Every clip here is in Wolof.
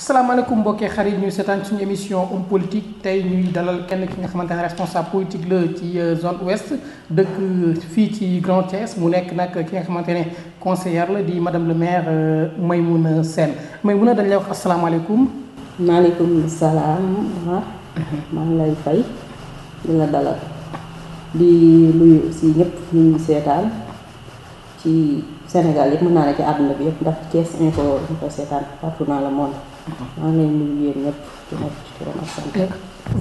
asalaamaaleykum mbokkee xarit ñu suñu émission homme politique tay ñuy dalal kenn ki nga responsable politique la ci euh, zone ouest dëkk fii ci Grand Thiès mu nekk nag ki nga conseillère la di madame le maire euh, Maymouna Sen. Maymouna dañ lay wax asalaamaaleykum. maaleykum salaam maa lay fay di dalal di nuyu si ñëpp ñu ci Sénégal yëpp mën ci bi info partout dans le maa ngi nuyu yéen ñëpp ci ñëpp ci turam ak eh,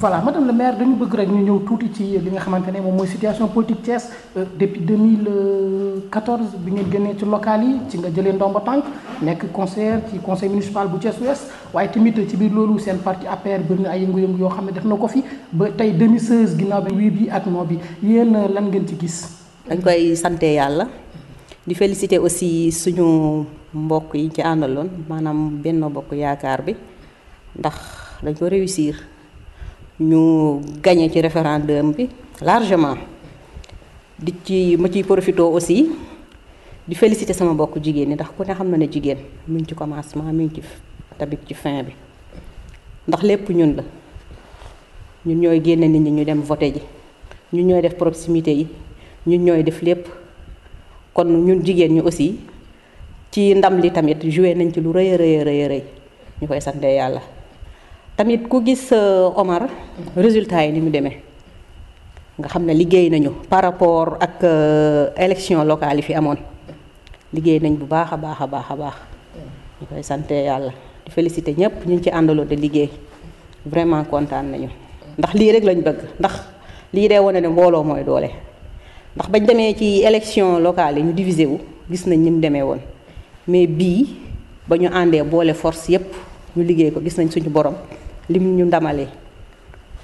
voilà madame le maire dañu bëgg rek ñu ñëw tuuti ci li nga xamante ne moom mooy situation politique Thiès euh, depuis 2014 bi ngeen génnee ci local yi ci nga jëlee ndomba tànk nekk conseiller ci conseil municipal bu Thiès Ouest waaye tamit ci biir loolu seen parti APR bëri na ay yëngu-yëngu yoo xam ne def na ko fi ba tey 2016 ginnaaw bi wii bi ak noo bi yéen lan ngeen ci gis. dañ koy sante yàlla. di féliciter aussi suñu mbokk yi ci àndaloon maanaam benn mbokk yaakaar bi ndax dañ ko réussir ñu gagné ci référendum bi largement di ci ma ciy profité aussi di féliciter sama mbokk jigéen ñi ndax ku ne xam na ne jigéen mi ngi ci commencement mi ngi ci tabit ci fin bi ndax lépp ñun la ñun ñooy génne nit ñi ñu dem voté ji ñun ñooy def proximité yi ñun ñooy def lépp kon ñun jigéen ñi aussi ci ndam li tamit joué nañ ci lu rëy a rëy ñu koy sante yàlla tamit ku gis euh, Omar résultat yi ni mu demee nga xam ne liggéey nañu par rapport ak euh, élection locale yi fi amoon liggéey nañ bu baax a baax a baax a baax ñu koy sante yàlla di félicité ñëpp ñu ci àndaloo de liggéey vraiment kontaan nañu ndax lii rek lañ bëgg ndax lii dee wane ne mbooloo mooy doole ndax bañ demee ci élection locale yi ñu divisé wu gis nañ ni mu demee woon mais bii ba ñu àndee boole force yépp ñu liggéey ko gis nañ suñu borom lim ñu ndamalee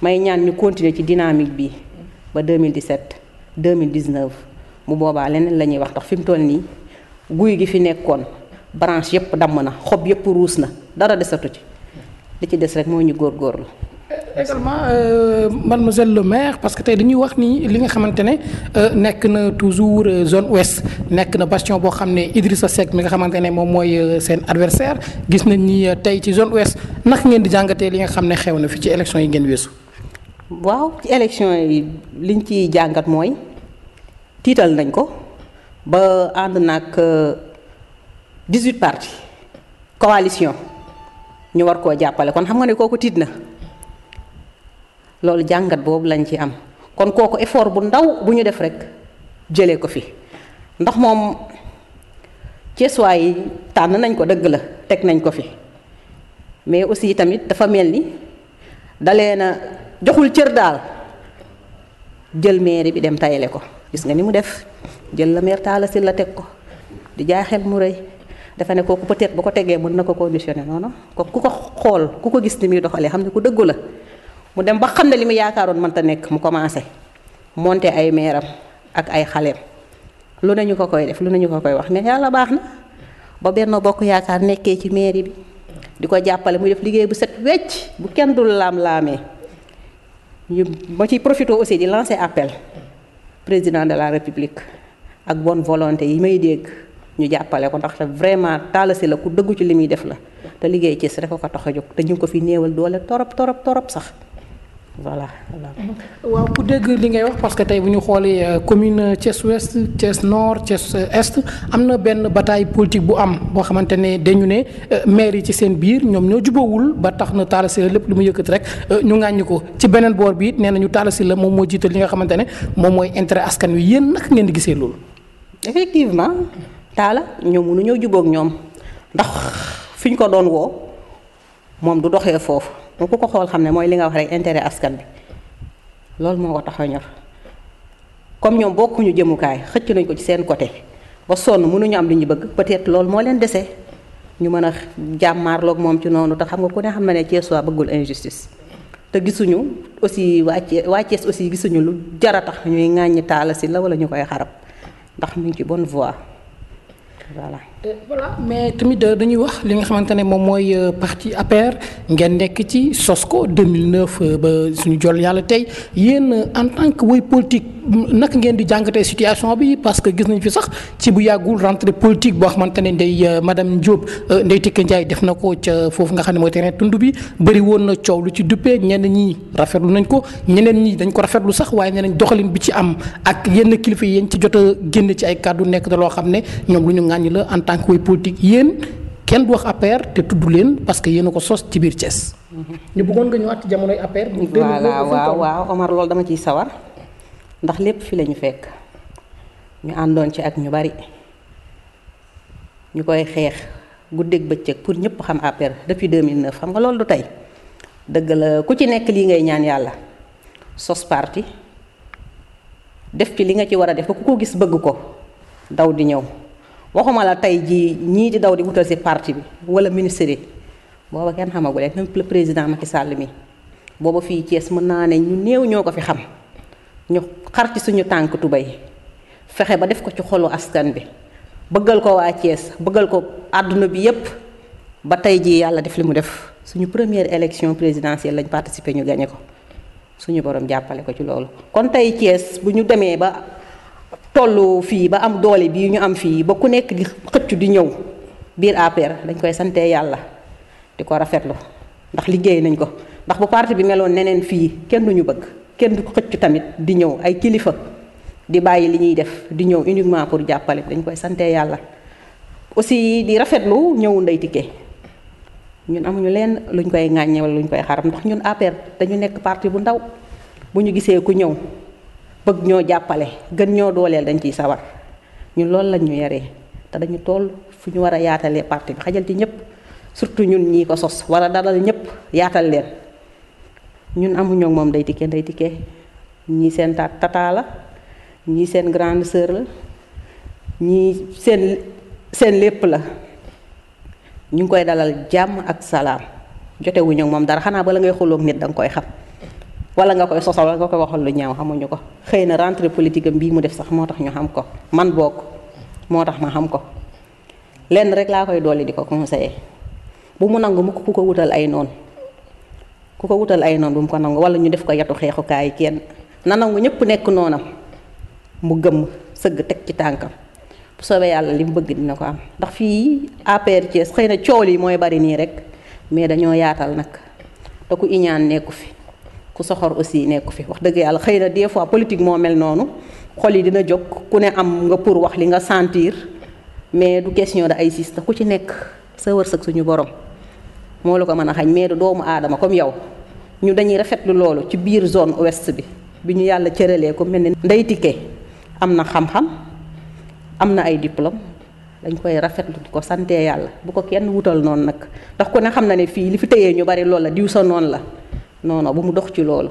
may ñaan ñu continuer ci dynamique bi ba 2017 2019 mu boobaa leneen la ñuy wax ndax fi mu toll nii guy gi fi nekkoon branche yépp damm na xob yépp ruus na dara desatu ci li ci des rek moo ñu góorlu également euh, mademoiselle le maire parce que tay wax ni li nga euh, toujours euh, zone ouest nek na bastion bo Idrissa Seck mi nga adversaire gis nañ ni zone ouest nak ngeen di jangate li nga xamné fi ci élection yi ngeen waaw ci élection yi liñ nañ 18 partis coalition ñu war kon xam nga loolu jàngat boobu lañ ci am kon kooku effort bu ndaw bu ñu def rek jëlee ko fi ndax moom ceesuwaay yi tànn nañ ko dëgg la teg nañ ko fi mais aussi tamit dafa mel ni dalee na joxul cër daal jël mairie bi dem tayale ko gis nga ni mu def jël la maire Talla la teg ko di jaay xel mu rëy dafa ne kooku peut-être bu ko tegee mën na ko conditionné non non ku ko xool ku ko gis ni muy doxalee xam ne ku dëggu la mu dem ba xamna ne li man ta nek monte mu commencé monter ay meeram ak ay xaleem lu nañu ko koy def lu nañu ko koy wax ne yalla baxna ba benno bokk yaakaar nekké ci mairie bi di jappalé mu def liggéey bu set wécc bu kenn dul lam lamé ñu ma ci profito aussi di lancer appel président de la république ak bonne volonté yi may dégg ñu jappalé ko la vraiment taalasi la ku dëggu ci li def la té liggéey ci rek ko taxajuk té ñu ko fi néwal doole torop torop torop sax voilà voilà. waaw ku dégg li ngay wax parce que tey bu ñu xoolee euh, commune Thiès ouest Thiès nord Thiès euh, est am na benn bataay politique bu am boo xamante ne dañu ne euh, maire yi ci seen biir ñoom ñoo jubawul ba tax na Talla Sylla lépp lu mu yëkkati rek ñu ŋàññi ko ci beneen boor bi it nee nañu Talla Sylla moom moo jiital li nga xamante ne moom mooy intérêt askan wi yéen naka ngeen gisee loolu. effectivement Talla ñoom mënuñoo jubóog ñoom ndax fi ñu ko doon woo moom du doxee foofu. bu ku ko xool xam ne mooy li nga wax rek intérêt askan bi loolu moo ko tax a ñor comme ñoom bokkuñu jëmukaay xëcc nañ ko ci seen côté ba sonn mënuñu am li ñu bëgg peut-être loolu moo leen dese ñu mën a jàmmaarloog moom ci noonu te xam nga ku ne xam na ne Thiès waa bëggul injustice te gisuñu aussi waa Thiès waa aussi gisuñu lu jara tax ñuy ŋàññi taala si la wala ñu koy xarab ndax mu ngi ci bon voie voilà. Euh, voilà mais tamit dañuy wax li nga xamante ne moom mooy euh, parti APR ngeen nekk ci sos ko 2009 ba suñu jol yàlla tey yéen euh, en tant que way politique naka ngeen di jàngatee situation bi parce que gis nañ fi sax ci bu yàggul rentrée politique boo xamante ne ndey madame Diop Ndeye Tické Ndiaye def na ko ca foofu nga xam ne mooy terrain tund bi bëri woon na coow lu ci duppee ñenn ñi rafetlu nañ ko ñeneen ñi dañ ko rafetlu sax waaye ñeneen doxalin bi ci am ak yenn kilifa yi ci jot a ci ay kàddu nekk da loo xam ne ñoom ñu ŋàññi la tant que politique yeen kenn du wax APR te tuddu len parce que yeen ko sos ci bir Thiès ñu bëggon nga ñëwaat jamono jamonoy APR bu deul voilà waaw waaw Omar loolu dama ci sawar ndax lepp fi lañu fekk ñu andon ci ak ñu bari ñu koy xeex guddeeg bëccëg pour ñepp xam APR depuis 2009 xam nga loolu du tay deug la ku ci nekk li ngay ñaan yalla sos parti def ci li nga ci wara def ko ko gis bëgg ko daw di ñew waxuma la tey jii ñii di daw di wutal si parti bi wala ministère yi booba kenn xamaguleen même le président Macky Sall mi booba fii Thiès mën naa ne ñu néew ñoo ko fi xam ñu xar ci suñu tànk tubay fexe ba def ko ci xolu askan bi bëggal ko waa Thiès bëggal ko àdduna bi yépp ba tey jii yàlla def li mu def suñu première élection présidentielle lañ participé ñu gagné ko suñu borom jàppale ko ci loolu kon tey Thiès bu ñu demee ba toll fii ba am doole bii ñu am fii ba ku nekk di xëcc di ñëw biir APR dañ koy sante yàlla di ko rafetlu ndax liggéey nañ ko ndax bu parti bi meloon neneen fii kenn du ñu bëgg kenn du xëccu tamit di ñëw ay kilifa di bàyyi li ñuy def di ñëw uniquement pour jàppale dañ koy sante yàlla aussi di rafetlu ñëw Ndeye Tické ñun amuñu lenn luñ koy ŋàññe wala luñ koy xaram ndax ñun APR dañu nekk parti bu ndaw bu ñu gisee ku ñëw bëgg ñoo jàppale gën ñoo dooleel dañ ciy sawar ñu loolu lañ ñu yaree te dañu toll fu ñu war a yaatalee parti bi xajal ci ñëpp surtout ñun ñii ko sos wala dalal ñëpp yaatal leen ñun amuñoo moom day tikkee day tikkee ñii seen taat la ñii seen grande sœur la ñii seen seen lépp la ñu ngi koy dalal jàmm ak salaam jotewuñu moom dara xanaa bala ngay xuloog nit danga koy xam wala nga koy sosal wala nga koy waxal lu ñaaw xamuñu ko xëy rentrée politique am mu def sax moo ñu xam ko man bokk moo ma xam ko lenn rek laa koy doole di conseiller bu mu nangu mukk ku wutal ay noon ku wutal ay bu mu ko wala ñu def ko yatu xeexukaay kenn na nangu ñëpp nekk noonam mu gëm sëgg teg ci tànkam bu soobee yàlla li bëgg dina ko am ndax APR na coow bari nii rek mais dañoo yaatal ku iñaan fi ku soxor aussi nekku fi wax dëgg yàlla xëy na des fois politique moo mel noonu xol yi dina jóg ku ne am nga pour wax li nga sentir mais du question de ay siis ku ci nekk sa wërsëg suñu borom moo la ko mën a xañ mais du doomu aadama comme yow ñu dañuy rafetlu loolu ci biir zone ouest bi bi ñu yàlla cëralee ko mel ni Ndeye Tické am na xam-xam am na ay diplôme dañ koy rafetlu di ko sante yàlla bu ko kenn wutal noonu nag ndax ko ne xam na ne fii li fi tëyee ñu bari loolu la diw sa la non bu mu dox ci loolu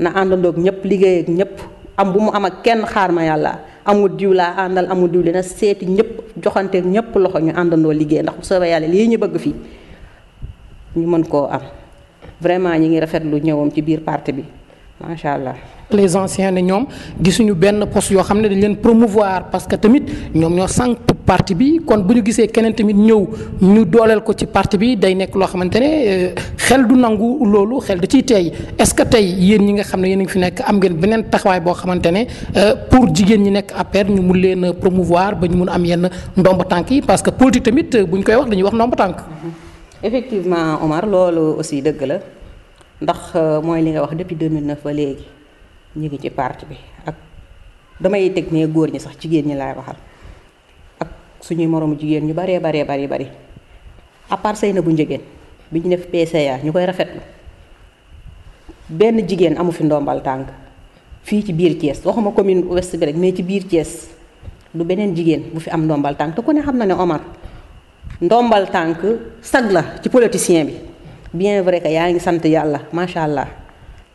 na àndandoog ñëpp liggéey ak ñëpp am bu mu am ak kenn xaar ma yàlla amul diw laa àndal amul diw li seeti ñëpp joxanteeg ñëpp loxo ñu àndandoo liggéey ndax bu soobee yàlla lii ñu bëgg fii ñu mën koo am vraiment ñi ngi rafetlu ñëwam ci biir parti bi. macha les anciens ñom ñoom gisuñu benn poste yo xam dañ leen promouvoir parce que tamit ñom ñoo sank parti bi kon buñu gisé kenen tamit ñew ñu dolel ko ci parti bi day nek lo xamantene euh, xel du nangu lolu xel da ci tay est-ce que tay yeen ñi nga xam yeen ngi fi nek am ngeen benen taxaway bo xamantene euh, pour jigen ñi nek aper ñu mu leen promouvoir ba ñu mun am yenn ndomba tànk parce que politique tamit euh, buñ koy wax dañuy wax ndomba tank effectivement Omar lolu aussi deug la. ndax euh, mooy li nga wax depuis 2009 ba léegi ñu ngi ci parti bi ak damay teg ne góor ñi sax jigéen ñi laay waxal ak suñuy moroomu jigéen ñu baree baree bari bari à na bu njëgeen bi ñu def PCA ñu koy rafetlu benn jigéen amu fi ndombal tànk fii ci biir Thiès waxuma commune ouest bi rek mais ci biir Thiès du beneen jigéen bu fi am ndombal tànk te ku ne xam na ne Omar ndombal tànk sag la ci politicien bi bien vrai que yaa ngi sant yàlla macha allah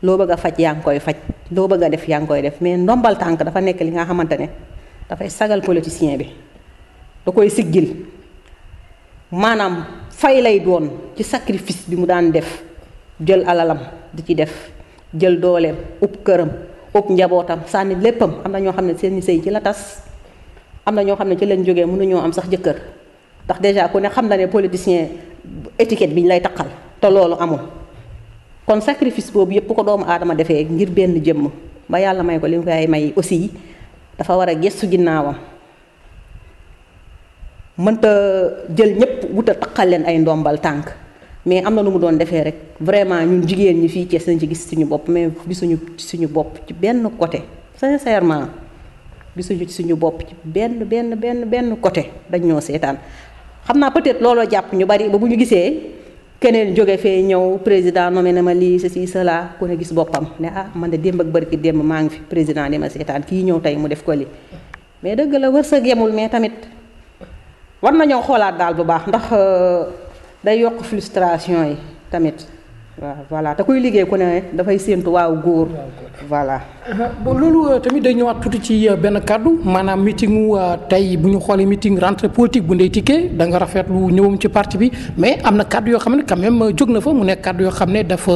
loo bëgg a faj yaa ngi koy faj loo bëgg a def yaa ngi koy def mais ndombal tànk dafa nekk li nga xamante ne dafay sagal politicien bi da koy siggil maanaam fay lay doon ci sacrifice bi mu daan def jël alalam di ci def jël dooleem ub këram ub njabootam sànni léppam am na ñoo xam ne seen sëy ci la tas am na ñoo xam ne ci leen jógee ñoo am sax jëkkër ndax déjà ku ne xam na ne politicien étiquette bi ñu lay taqal te loolu amul kon sacrifice boobu yëpp ko doomu aadama defee ngir benn jëmm ba yàlla may ko li mu koy may aussi dafa war a gëstu ginnaawam mënta jël ñëpp wuta taqal leen ay ndombal tànk mais am na lu mu doon defee rek vraiment ñun jigéen ñi fii Cees nañ ci gis suñu bopp mais gisuñu ci suñu bopp ci benn côté sincèrement gisuñu ci suñu bopp ci benn benn benn benn côté dañ ñoo seetaan xam naa peut-être looloo jàpp ñu bari ba bu ñu gisee keneen jóge fee ñëw président nommé na ma lii ceci cela ku ne gis boppam ne ah man de démb ak barki démb maa ngi fi président di ma seetaan kii ñëw tey mu def ko lii mais dëgg la sa yemul mais tamit war nañoo xoolaat daal bu baax ndax euh, day yokk frustration yi tamit waaw voilà te kuy liggéey ku ne dafay séentu waaw góor voilà bon loolu euh, tamit day ñëwaat tuuti ci euh, benn kàddu maanaam meeting mu euh, tey bu ñu xoolee meeting rentre politique bu ndey Tické da nga rafetlu ñëwam ci parti bi mais am na kàddu yoo xam ne quand même jóg na fa mu nekk kàddu yoo xam ne dafa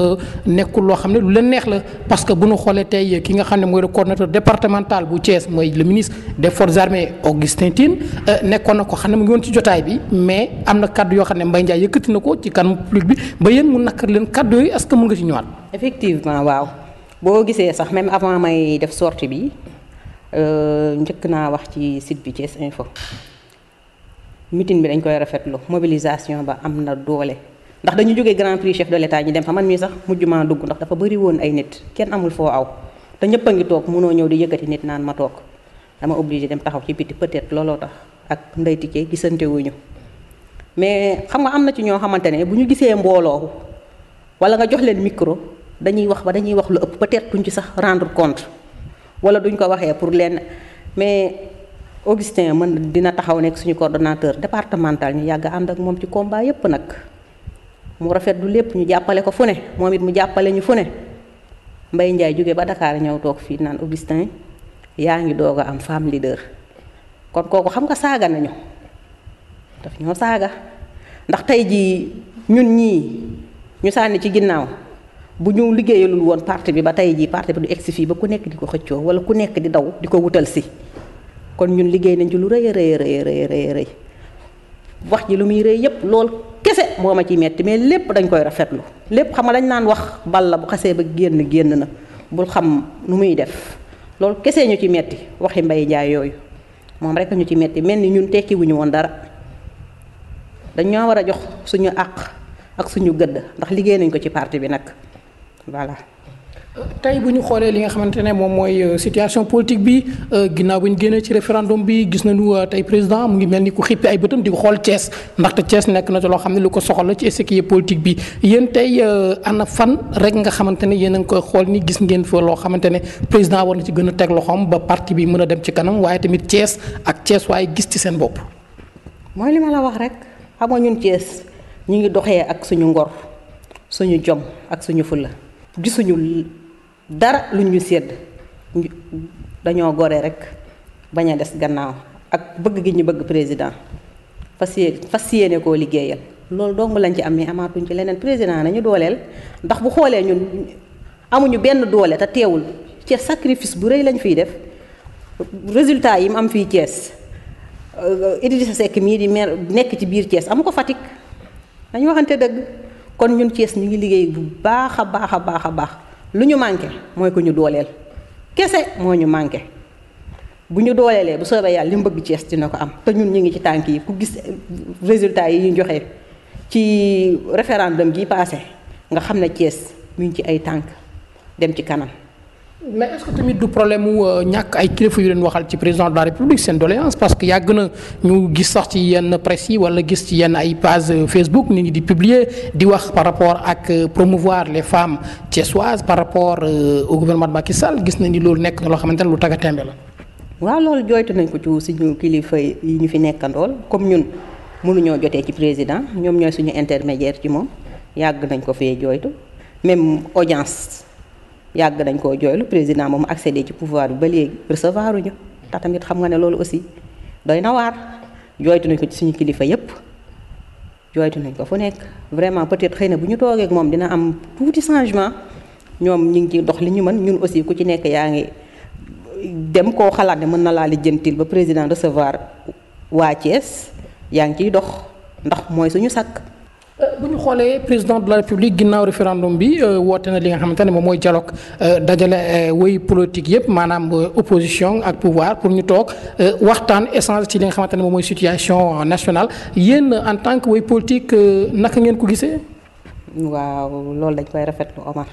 nekkul loo xam ne lu leen neex la parce que bu ñu xoolee tey ki nga xam ne mooy le coordonnateur départemental bu Thiès mooy le ministre des forces armées Augustin Tine nekkoon na ko xam ne mu ngi woon ci jotaay bi mais am na kàddu yoo xam ne Mbaye Ndiaye yëkkati na ko ci kanam public bi ba yéen mu nakar leen kàddu yooyu est-ce que mën nga ci ñëwaat. effectivement waaw. boo gisee sax même avant may def sortie bi euh, njëkk naa wax ci site bi Thiès Info meeting bi dañ koy rafetlu mobilisation ba am na doole ndax dañu jógee grand prix chef de l'état ñu dem fa man mii sax mujj maa dugg ndax dafa bëri woon ay nit kenn amul foo aw te ñëpp a ngi toog mënoo ñëw di yëkkati nit naan ma toog dama obligé dem taxaw ci biti peut-être looloo tax ak Ndeye Tické gisante wuñu mais xam nga am na ci ñoo xamante ne bu ñu gisee mbooloo wala nga jox leen micro. dañuy wax ba dañuy wax lu ëpp peut-être duñ ci sax rendre compte wala duñ ko waxee pour lenn mais Augustin mën dina taxaw nekk suñu coordonnateur départemental ñu yàgg ànd ak moom ci combat yépp nag mu rafet du lépp ñu jàppale ko fu ne moom it mu jàppale ñu fu ne Mbaye Ndiaye jóge ba Dakar ñëw toog fii naan Augustin yaa ngi doog a am femme leader kon kooku xam nga saaga nañu daf ñoo saaga ndax tey jii ñun ñii ñu sànni ci ginnaaw bu ñu liggéeyalul woon parti bi ba tay ji parti bi du exi fi ba ku nekk di ko wala ku nekk di daw di wutal si kon ñun liggéey nañ ci lu reey reey reey reey reey reey wax ji lu muy reey yépp lool kese moo ma ci metti mais lépp dañ koy rafetlu lépp xam nga dañ naan wax bal la bu xasee ba génn génn na bul xam nu muy def lool kese ñu ci metti waxi mbay jaay yooyu moom rek ñu ci metti mel ni ñun wuñu woon dara dañ ñoo war jox suñu àq ak suñu gëdd ndax liggéey nañ ko ci parti bi nag voilà. tey bu ñu xoolee li nga xamante ne moom mooy euh, situation politique bi euh, ginnaaw bi ñu génnee ci référendum bi gis nu euh, tey président mu ngi mel ni ku xippi ay bëtam di ko xool Thiès ndaxte cees nekk na ci loo xam ne lu ko soxal ci échiquier politique bi yéen tey ana fan rek nga xamante ne yéen a ngi koy xool ni gis ngeen fa loo xamante ne président war na ci gën a loxoom ba parti bi mën a dem ci kanam waaye tamit Thiès ak Thiès waaye gis ci seen bopp. mooy li wax rek xam nga ñun Thiès ñu ngi doxee ak suñu ngor suñu jom ak suñu fulla gisuñu dara luñ ñu sédd dañoo gore rek bañ a des gannaaw ak bëgg gi ñu bëgg président fas yéene fas yéene koo liggéeyal loolu dong lañ ci am mais amaatuñ ci leneen président nañu dooleel ndax bu xoolee ñu amuñu benn doole te teewul ci sacrifice bu rëy lañ fiy def résultat yi mu am fii Thiès euh, Idrissa Seck mii di maire nekk ci biir cees amu ko Fatick dañu waxante dëgg kon ñun Thiès ñu ngi liggéey bu baax a baax a baax a baax lu ñu manqué mooy ko ñu dooleel kese moo ñu manqué bu ñu dooleelee bu soobee yàlla li mu bëgg Thiès dina ko am te ñun ñu ngi ci tànk yi ku gis résultat yi ñu joxe ci référendum gi passé nga xam ne Thiès mu ngi ci ay tànk dem ci kanam. mais est-ce que du problème euh, ay kilifa yu président de la république une doléance parce que nous ñu gis sax ci yenn page euh, Facebook di publier di par rapport ak euh, promouvoir les femmes tiessoises par rapport au gouvernement de Macky Sall gis na ni lu la. nañ ko ci yi ñu fi comme ñun ci président suñu intermédiaire ci mom yag nañ ko même audience yàgg nañ koo jooylu président moom accédé ci pouvoir ba recevoir tamit xam nga aussi doy na waar nañ ko ci suñu kilifa yépp nañ ko vraiment peut-être xëy na bu dina am changement ñoom ñu ngi dox li ñu mën ñun aussi ku ci nekk yaa dem koo xalaat ne mën Il ba président recevoir waa Thiès yaa ngi dox ndax suñu bu ñu xoolee président de la république ginnaaw référendum bi euh, woote na li nga xamante ne moom mooy dialogue euh, dajale euh, woy politique yépp maanaam opposition ak pouvoir pour ñu toog waxtaan échange ci li nga xamante ne moom mooy situation nationale yéen en tant que woy politique naka ngeen ko gisee. waaw loolu dañ koy rafetlu Omar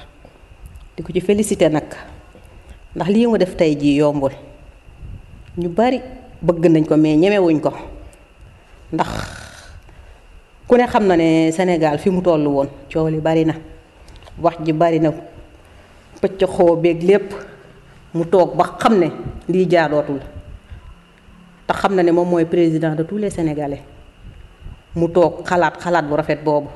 di ko ci félicité nag ndax lii mu def tey jii yombul ñu bari bëgg nañ ko mais ñemewuñ ko ndax. ku ne xam na ne senegal fi mu tollu won ciowli bari na wax ji bari na pecc xoo beeg lépp mu toog ba xam ne lii jaadootul te xam na ne moom mooy président de tous les sénégalais mu toog xalaat xalaat bu rafet boobu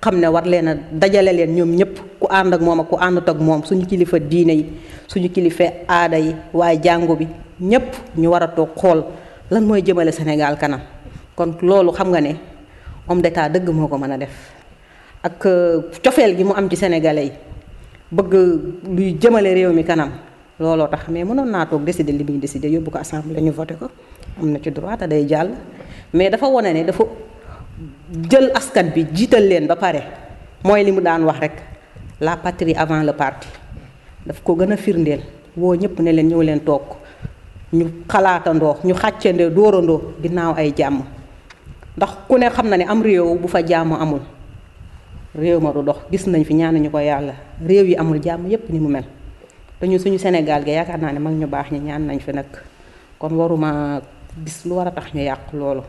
xam ne war leen a dajale leen ñoom ñëpp ku ànd ak moom ak ku àndut ak moom suñu kilifa diine yi suñu kilifa aada yi waaye jàngu bi ñëpp ñu war a toog lan mooy jëmale sénégal kanam kon loolu xam nga ne homme d'état dëgg moo ko mën a def ak euh, cofeel gi mu am ci sénégalais yi bëgg luy jëmale réew mi kanam looloo tax mais mënoon naa toog décider li muy décider yóbbu ko assemblée ñu voté ko am na ci droit day jàll mais dafa wane ne dafa jël askat bi jiital leen ba pare mooy li mu daan wax rek la patrie avant le parti daf ko gën a firndeel woo ñëpp ne leen ñëw leen toog ñu xalaatandoo ñu xàccandoo dóorandoo ginnaaw ay jàmm ndax ku ne xam na ne am réew bu fa jàmm amul réew ma du dox gis nañ fi ñaan ñaanuñu ko yàlla réew yi amul jàmm yépp ni mu mel te ñu suñu Sénégal ga yaakaar naa ne mag ñu baax ñi ñaan nañ fi nag kon waruma gis lu war a tax ñu yàq loolu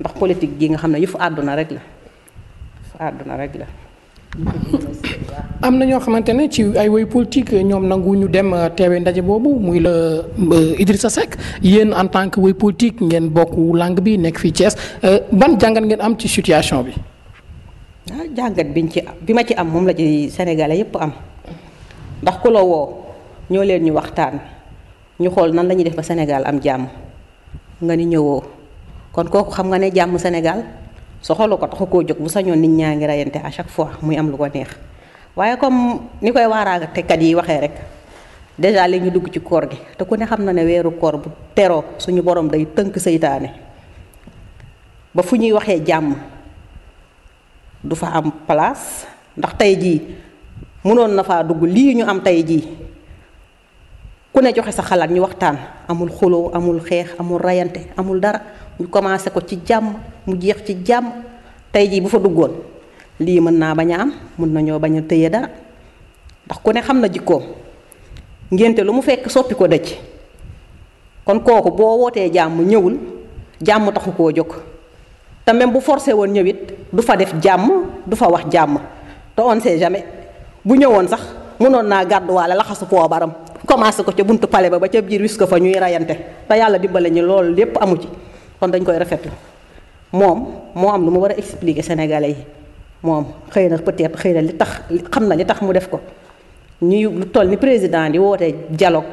ndax politique gii nga xam ne yëfu àdduna rek la yëfu àdduna rek la am na ñoo xamante ne ci ay woy politique ñoom nangu ñu dem euh, teewee ndaje boobu muy la euh, sa Seck yéen en tant que woy politique ngeen bokk langue bi nekk fii Thiès euh, ban jàngat ngeen am ci situation bi. ah jàngat biñ ci bi ma ci am moom la ci Sénégalais yépp am ndax ku la woo ñoo leen ñu waxtaan ñu xool nan lañuy def ba Sénégal am jàmm nga ni ñëwoo kon kooku xam nga ne jàmm Sénégal. soxalu ko taxu koo jóg bu sañoon nit ñaa ngi rayante à chaque fois muy am lu ko neex waaye comme ni koy waaraatekat yi waxee rek déjà li dugg ci koor gi te ku ne xam na ne weeru koor bu teroo suñu borom day tënk seytaane ba fu ñuy waxee jàmm du fa am palaas ndax tey jii mënoon nafaa dugg lii ñu am tey jii ku ne joxe sa xalaat ñu waxtaan amul xuloo amul xeex amul reyante amul dara ñu commencé ko ci jàmm mu jeex ci jàmm tay ji bu fa duggon li mën na baña am mën nañoo bañ a dara ndax ku ne xamna na jikkoom lu mu fekk soppi ko dëcc kon koku bo wootee jàmm ñewul jàmm taxu koo jóg te même bu forcé won ñewit du fa def jàmm du fa wax jàmm te on sait jamais bu ñewon sax mënoon naa gàdduwaale laxasu baram commencé ko ci buntu palais ba ba ci biir wis fa ñuy rayante te yalla dimbale ñi lool lépp amu ci kon dañ koy rafetlu mom, mo am lu mu wara expliquer sénégalais yi mom xeyna peut être xeyna li tax xamna li tax mu def ko ñuy lu toll ni président di woote dialogue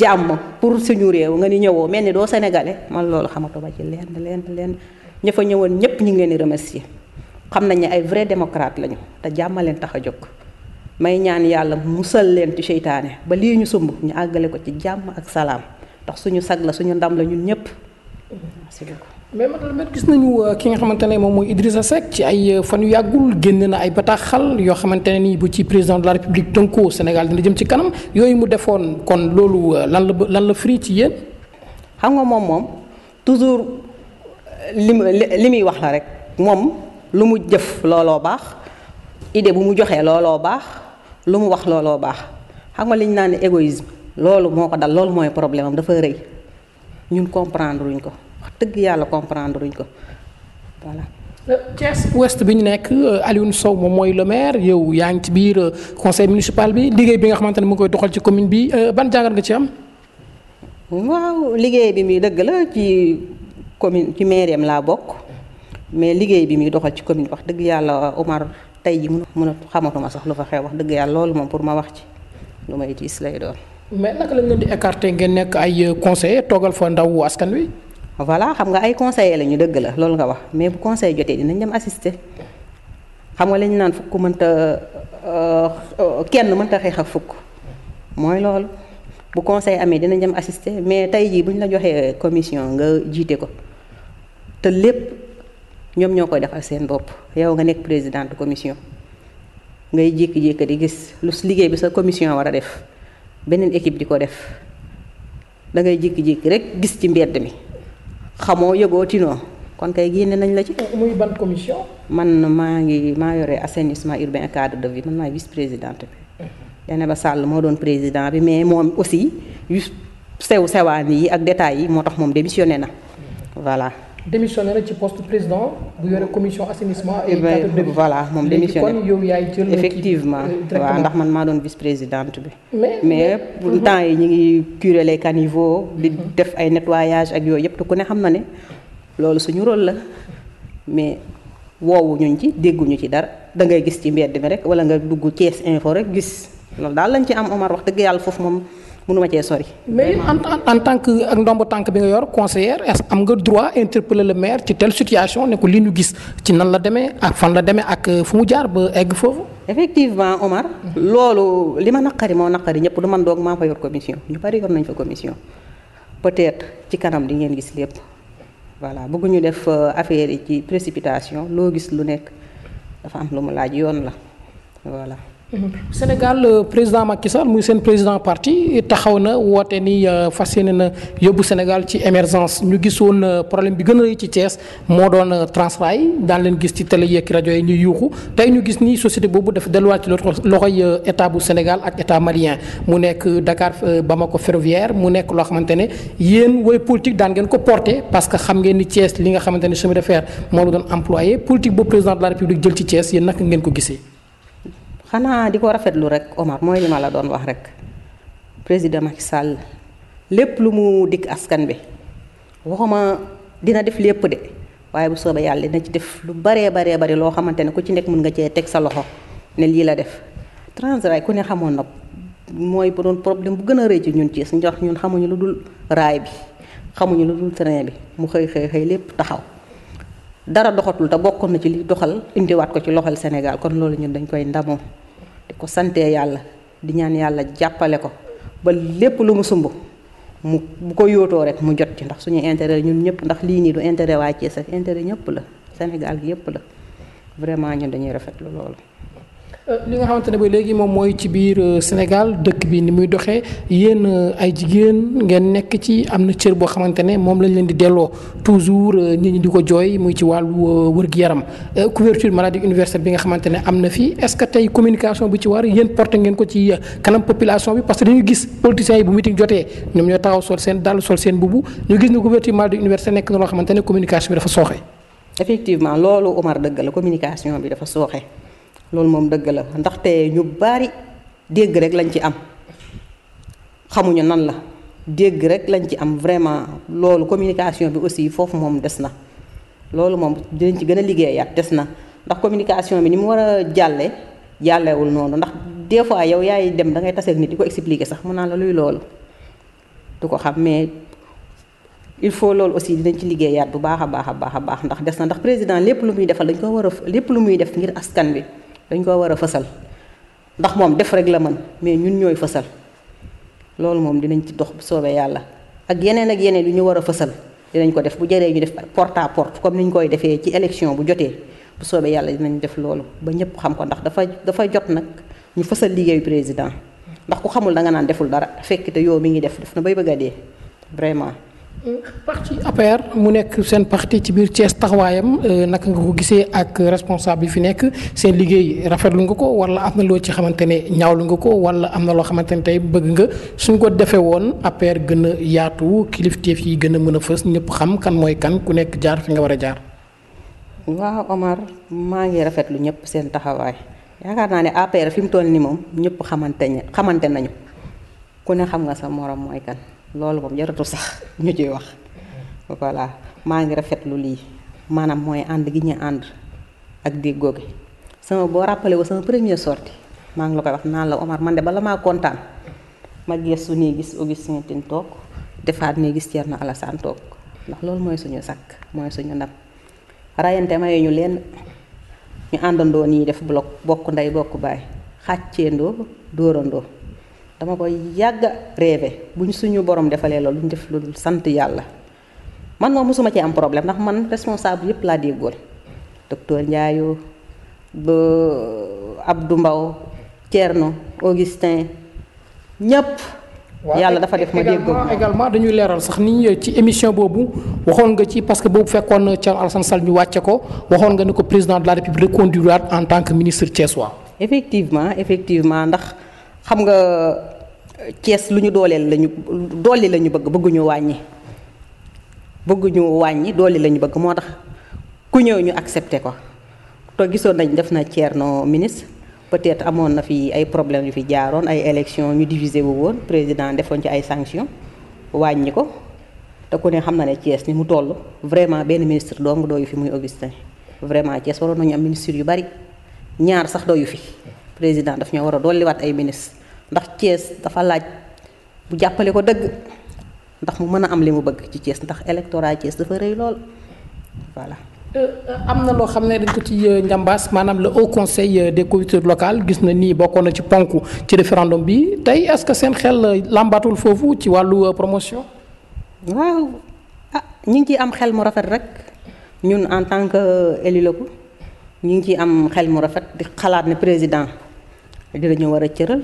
jàmm pour suñu réew nga ni ñëwoo mel ni doo sénégalais man loolu xamatu ba ci lenn lenn lenn ña fa ñëwoon ñëpp ñu ngi leen di remercier xam nañ ne ay vrai démocrate lañu te jàmm leen tax a jóg may ñaan yàlla musal leen ci seytaane ba lii ñu sumb ñu àggale ko ci jàmm ak salaam ndax suñu sag la suñu ndam la ñun ñëpp. mais madame gis nañu euh, ki nga xamante ne moom mooy Idrissa Seck ci ay euh, fan yu yàggul génn na ay bataaxal yoo xamante ne nii bu ci président de la république tënkoo Sénégal dina jëm ci kanam yooyu mu defoon kon loolu euh, lan la lan la firi ci yéen. xam nga moom moom toujours li li muy wax la rek moom lu mu jëf looloo baax idée bu mu joxee looloo baax lu mu wax looloo baax xam nga liñ ñu naan égoïsme. loolu moo ko dal loolu mooy problème dafa rëy ñun comprendre luñ ko wax dëgg yàlla comprendre luñ ko voilà. Euh, Thiès ouest bi ñu nekk euh, Alioune Sow moom mooy le maire yow yaa ngi ci biir euh, conseil municipal bi liggéey bi nga xamante ne mu ngi koy doxal ci commune bi ban jàngat nga ci am. waaw liggéey bi muy dëgg la ci commune ci maire am laa bokk mais liggéey bi muy doxal ci commune wax dëgg yàlla Omar tey ji mën a xamatuma sax lu fa xew wax dëgg yàlla loolu moom pour ma wax ci lu may tiis lay doon. mais naka lañ leen di écarter ngeen nekk ay euh, conseiller toogal fa ndaw askan wi. voilà xam nga ay conseiller la ñu dëgg la loolu nga wax mais bu conseil jotee dinañ dem assister xam nga lañ naan fukk mënta euh, euh, kenn mënta xeex ak fukk mooy loolu bu conseil amee dinañ dem assister mais tay jii bu ñu la joxee commission nga jiite ko te lépp ñoom ñoo koy defal seen bopp yow nga nekk présidente commission ngay jékki-jékki di gis lu liggéey bi sa commission war a def. beneen équipe di ko def da ngay jékki rek gis ci mbedd mi xamoo yëgoo tinoo kon kay génne nañ la ci. ban commission. man maa ngi maa yore assainissement urbain et cadre de vie man maay vice présidente bi. dene ba sàll moo doon président bi mais moom aussi yu sew sewaan yi ak détails yi moo tax moom démissionné na voilà. Démissionnaire du ci poste président bu commission assainissement. et eh ben, voilà effectivement euh, wa ndax man vice présidente bi. mais pour mhm. temps yi ñi ngi les caniveaux. di mhm. def ay nettoyage ak ne xam na ne lolu suñu rôle la mais wowo ci ñu ci dara da ngay gis ci mbéd mi rek wala nga dugg ci info rek gis lañ ci am Omar wax mënu ma cee sori. mais en en tant que ak ndomb tànk bi nga yor conseillère est am nga droit interpeller le maire ci telle situation ne ko li ñu gis ci nan la demee ak fan la demee ak euh, fu mu jaar ba egg foofu. effectivement Omar. loolu li ma naqari moo naqari ñëpp du man doog maa fa yor commission ñu bari yor nañ fa commission peut-être ci kanam di ngeen gis lépp. voilà bëgguñu def euh, affaire yi ci précipitation loo gis lu nekk dafa am lu mu laaj yoon la voilà. Sénégal euh, président Macky Sall muy seen président parti taxaw na woote ni euh, fas yéene na yóbbu Sénégal ci émergence ñu gisoon euh, problème bi gën a ci Thiès moo doon Transrail daan leen gis ci télé yeeg rajo yi ñuy yuuxu tey ñu gis ni société boobu dafa delluwaat ci loxoy état bu Sénégal ak état malien mu nekk Dakar Bamako ferroviaire mu nekk loo xamante ne yéen woy politique daan ngeen ko porté parce que xam ngeen ni Thiès li nga xamante ne chemin de fer moo doon employé politique boobu président de la République jël ci Thiès yéen naka ngeen ko gisee. xana di ko rafetlu rek Omar mooy li ma la doon wax rek président Macky Sall lépp lu mu dikk askan bi waxuma dina def lépp de waaye bu soobee yàlla dina ci def lu baree baree bari loo xamante ne ku ci nekk mun nga cee teg sa loxo ne lii la def transray ku ne xamoon na mooy bu doon problème bu gën a rëy ci ñun ci ndax ñun xamuñu lu dul raay bi xamuñu lu dul train bi mu xëy xëy xëy lépp taxaw dara doxatul te bokkoon na ci li doxal indiwaat ko ci loxol Sénégal kon loolu ñun dañ koy ndamoo di ko sante yàlla di ñaan yàlla jàppale ko ba lépp lu mu sumb mu bu ko yootoo rek mu jot ci ndax suñu intérêt ñun ñëpp ndax lii nii du intérêt waa Thiès ak intérêt ñëpp la Sénégal gi yëpp la vraiment ñun dañuy rafetlu loolu li nga xamante ne ba léegi moom mooy ci biir euh, Sénégal dëkk bi ni muy doxee yéen euh, ay jigéen ngeen nekk ci am na cër boo xamante ne moom lañ leen di delloo toujours euh, nit ñi di ko jooy muy ci wàllu wër-gu-yaram couverture maladie universelle bi nga xamante ne am na fi est-ce que tey communication bi ci war yéen porté ngeen ko ci kanam population bi parce que dañu gis politiciens yi bu meeting jotee ñoom ñoo taxaw sol seen dàll sol seen bubu ñu gis ne couverture nekk na loo xamante ne communication bi dafa sooxe. effectivement loolu dëgg la communication bi dafa sooxe. lol mom deug la te ñu bari dégg rek lañ ci am xamuñu nan la dégg rek lañ ci am vraiment loolu communication bi aussi fofu mom desna na mom moom dinañ ci gëna liggéey liggéeyaat des na ndax communication bi ni mu wara jallé jàlle wul noonu ndax des fois yow yaay dem da ngay tassé nit diko ko expliquer sax mu nan la luy loolu duko xam mais il faut loolu aussi dinañ ci liggéeyaat bu baaxa baaxa baaxa baax ndax des na ndax président lepp lu muy defal dañ ko wara lepp lu muy def ngir askan bi dañ koo war a fësal ndax moom def rek la mën mais ñun ñooy fësal loolu moom dinañ ci dox bu soobee yàlla ak yeneen ak yeneen yu ñu war a fësal dinañ ko def bu jëree ñu def porte à porte comme ni ñu koy defee ci élection bu jotee bu soobee yàlla dinañ def loolu ba ñëpp xam ko ndax dafa dafa jot nag ñu fësal liggéeyu président ndax ku xamul da nga naan deful dara fekk te yow mi ngi def def na bay bëgg a dee vraiment. Euh, parti APR mu nek sen parti ci bir ties taxwayam euh, nak nga ko gisee ak responsable yi fi nekk seen liggéey rafetlu nga ko wala amna lo ci xamantene ne ñaawlu nga ko wala amna lo xamantene tay bëgg nga suñ ko defé won APR gëna yaatu kilifteef yi gëna mëna fess ñepp xam kan moy kan ku nek jaar fi nga wara jaar. wa Omar ma ngi rafetlu ñepp sen taxaway yaakaar naa ne APR fi mu toll nii moom ñëpp xamante xamante nañu ku ne xam nga sa morom mooy kan loolu moom jaratul sax ñu ciy wax voilà maa ngi rafetlu lii maanaam mooy ànd gi ñu ànd ak déggoo sama boo rappelé wu sama premier sortie maa ngi la koy wax naan la Omar man de bala maa kontaan ma gestu nii gis Augustin Tine toog defaat nii gis Thierno Alassane toog ndax loolu mooy suñu sakk mooy suñu ndam rayante maye ñu leen ñu àndandoo nii def bloc bokk ndey bokk dóorandoo dama koy yàgg rêvé buñ suñu borom defalee loolu luñ def lu sant yàlla man moom musuma ci am problème ndax man responsable yépp laa déggoon docteur Ndiayo ba Abdou Mbaw Thierno Augustin ñëpp yàlla dafa def ma dégg également dañuy leeral sax ni euh, ci émission boobu waxoon nga ci parce que boobu fekkoon Thierno Alassane Sall ñu wàcce ko waxoon nga ni ko président de la république reconduiraat en tant que ministre thiessois effectivement effectivement ndax xam nga Cees lu ñu dooleel lañu dooli la ñu bëgg bëgguñu wàññi bëgguñu wàññi dooli la ñu bëgg moo tax ku ñëw ñu accepté ko te gisoon nañ def na noo ministre peut-être amoon na fi ay problème yu fi jaaroon ay élection ñu divisé wu woon président defoon ci ay sanctions wàññi ko te ko ne xam na ne Thiès ni mu toll vraiment benn ministre doo dooyu fi muy Augustin vraiment Thiès waroon nañu am ministre yu bari ñaar sax dooyu fi président daf ñoo war a dolliwaat ay ministre ndax Thiès dafa laaj bu jàppale ko dëgg ndax mu mën a am li mu bëgg ci Thiès ndax électorat Thiès dafa rëy lool voilà. Euh, euh, am na loo xam ne dañ ko ci euh, njàmbaas maanaam le haut conseil de collectivités locales gis na nii bokkoon na ci ponk ci référendum bi tey est-ce que seen xel làmbaatul foofu ci wàllu promotion. waaw ah ñu ngi ciy am xel mu rafet rek ñun en tant que élu ko ñu ngi ciy am xel mu rafet di xalaat ne président dinañu war a cëral.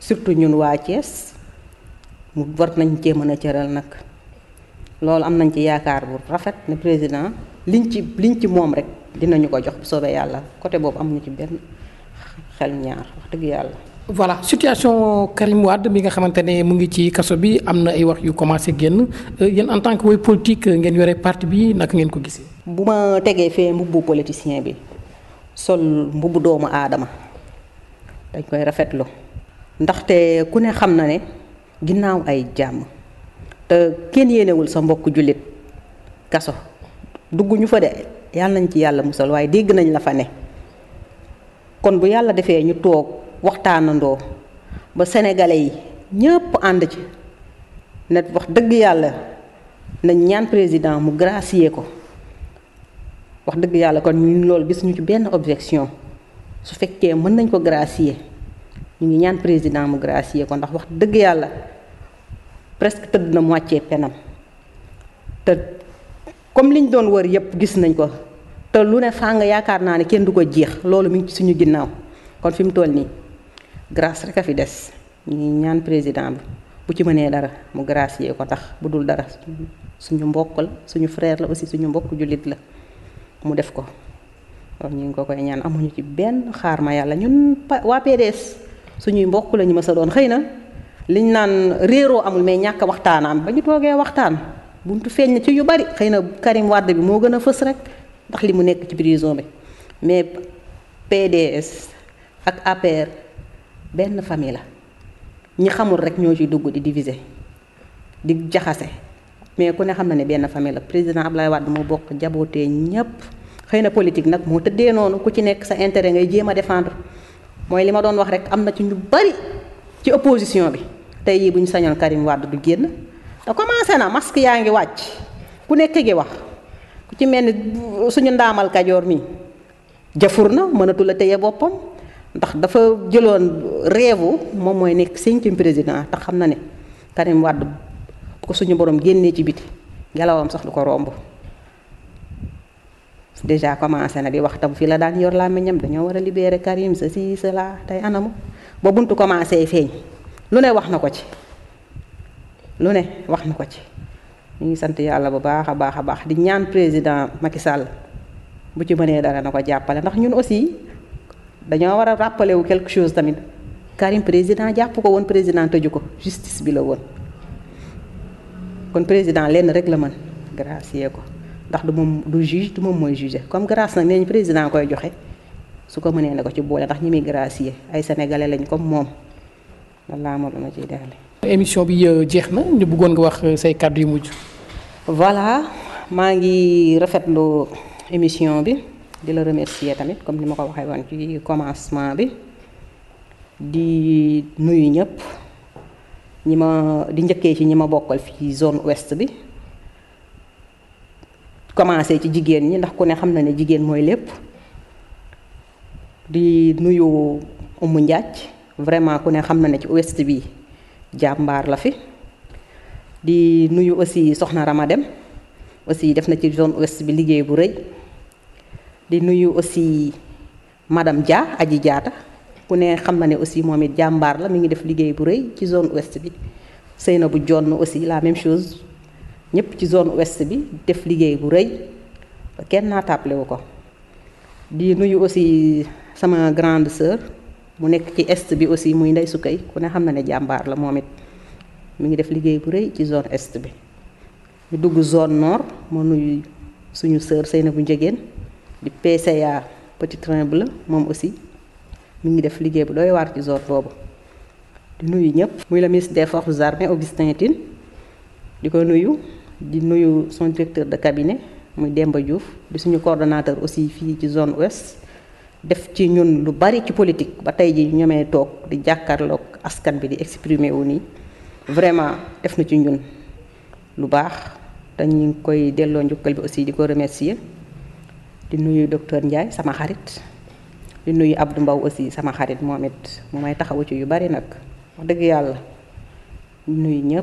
surtout ñun wa ties mu war nañ ci mëna a nak nag am nañ ci yaakar bu rafet ne président liñ ci liñ ci mom rek dinañu ko jox bu yalla yàlla côté boobu amuñu ci ben xel ñaar wax deug yalla voilà situation Karim wad mi nga xamantene mu ngi ci kasso bi amna ay wax yu commencé genn euh, yeen en tant que way politique ngeen yoré parti bi nak ngeen ko gissé buma tégué fé mbubu politicien bi sol mbubu doomu adama dañ koy lo. ndaxte ku ne xam na ne ginnaaw ay jàmm te kenn yéenewul sa mbokk jullit kaso dugg ñu fa de yàlla nañ ci yàlla musal waaye dégg nañ la fa ne kon bu yàlla defee ñu toog waxtaanandoo ba sénégalais yi ñëpp ànd ci ne wax dëgg yàlla nañ ñaan président mu gracier ko wax dëgg yàlla kon ñu loolu gis ñu ci benn objection su fekkee mën nañ ko gracier ñu ngi ñaan président mu gracier ko ndax wax dëgg yàlla presque tëdd na moitié penam te comme liñ doon wër yépp gis nañ ko te lu ne fàng yaakaar naa ne kenn du ko jeex loolu mi ngi ci suñu ginnaaw kon fi mu toll nii grâce rek a fi des ñu ngi ñaan président bi bu ci mënee dara mu gracier ko tax bu dul dara suñu mbokk la suñu frère la aussi suñu mbokk julit la mu def ko ñu ngi ko koy ñaan amuñu ci benn xaar ma yàlla ñun wa PDS suñuy mbokk lañu ñu mës doon xëy na liñ naan réeroo amul mais ñàkk waxtaan am ba ñu toogee waxtaan buntu feeñ na ci yu bari xëy na Karim wàdd bi moo gën a fës rek ndax li mu nekk ci prison bi mais PDS ak APR benn famille la ñi xamul rek ñoo ciy dugg di diviser di jaxase mais ku ne xam na ne benn famille la président Ablaye wàdd mu bokk jabootee ñépp xëy na politique nag moo tëddee noonu ku ci nekk sa intérêt ngay jéem a défendre mooy li ma doon wax rek am ci ñu bari ci opposition bi tey yi buñ sañal Karim Wade du génn te commencé na masque yaa ngi wàcc ku nekk gi wax ku ci mel ni suñu ndaamal kajoor mi jafurna na mënatul a téye boppam ndax dafa jëloon réewu moom mooy nekk cinquième président te xam ne Karim Wade ko suñu borom génnee ci biti ngelawam sax du déjà commencé na di wax tam fi la daan yor la meñam dañu wara libérer Karim ci cela tay anamu bo buntu commencé feñ lu ne wax nako ci lu ne wax nako ci ñi ngi sant yalla bu baaxa baaxa baax di ñaan président Macky Sall bu ci mëne dara na jappalé ndax ñun aussi dañu wara rappeler wu quelque chose tamit Karim président japp ko won président tëju ko justice bi la won kon président len rek la man ko ndax du moom du juge du moom mooy jugé comme grâce nag nee nañ président koy joxe su ko mënee na ko ci boole ndax ñi muy gracier ay sénégalais lañ comme moom wallaahi moom la ma ciy defale émission bi euh, jeex na ñu bëggoon nga wax euh, say kàddu yu mujj. voilà maa ngi rafetlu émission bi di la remercier tamit comme ni ma ko waxee woon ci commencement bi di nuyu ñëpp ñi ma di njëkkee ci ñi ma bokkal fii zone ouest bi commencé ci jigéen ñi ndax ku ne xam na ne jigéen mooy lépp di nuyu Umu Njaaj vraiment ku ne xam na ne ci ouest bi jambar la fi di nuyu aussi soxna ramadem aussi def na ci zone ouest bi liggéey bu reuy di nuyu aussi madame Dia aji jaata ku ne xam na ne aussi momit jambar la mi ngi def liggéey bu reuy ci zone ouest bi Seyna bu jonn aussi la même chose ñëpp ci zone ouest bi def liggéey bu rëy kenn naa tàppale wu ko di nuyu aussi sama grande sœur mu nekk ci est bi aussi muy ndey sukkay ku ne xam na ne jàmbaar la moom it mu ngi def liggéey bu rëy ci zone est bi ñu dugg zone nord moo nuyu suñu sœur Seynabou Ndiégène di PCA Petit Train Bleu moom aussi mu ngi def liggéey bu dooy waar ci zone boobu di nuyu ñëpp muy la ministre des forces armées Augustin Tine di ko nuyu di nuyu son directeur de cabinet muy Demba Diouf di coordonnateur aussi fii ci zone ouest def ci ñun lu politique ba tey ji sommes toog di jàkkaarloog askan bi di exprimer vraiment def na ci ñun lu baax te aussi di ko remercier di nuyu docteur Ndiaye sama xarit di nuyu aussi sama xarit moom it taxawu ci yu bari nag wax nuyu